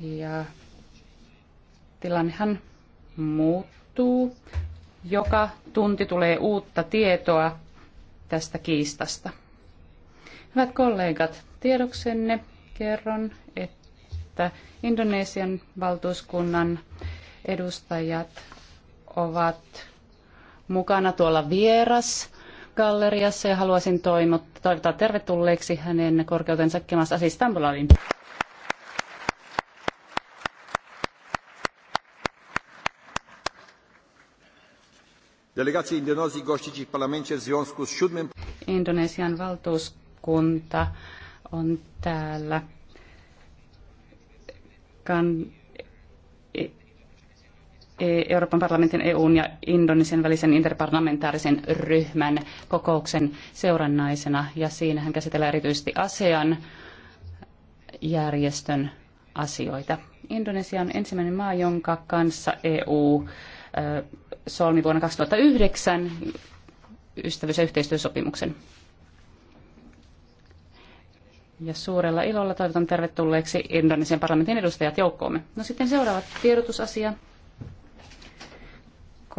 Ja tilannehan muuttuu. Joka tunti tulee uutta tietoa tästä kiistasta. Hyvät kollegat, tiedoksenne kerron, että Indonesian valtuuskunnan edustajat ovat mukana tuolla vieras galleriassa ja haluaisin toivottaa tervetulleeksi hänen korkeutensa Kemas Asistambulalin. Delegacja Indonezji gości dziś w parlamencie w związku z siódmym... Indonesian valtuuskunta on täällä kan... E-, e-, Euroopan parlamentin EUn ja Indonesian välisen interparlamentaarisen ryhmän kokouksen seurannaisena ja siinähän käsitellään erityisesti ASEAN järjestön asioita. Indonesia on ensimmäinen maa, jonka kanssa EU solmi vuonna 2009 ystävyys- ja yhteistyösopimuksen. Ja suurella ilolla toivotan tervetulleeksi Indonesian parlamentin edustajat joukkoomme. No sitten seuraava tiedotusasia.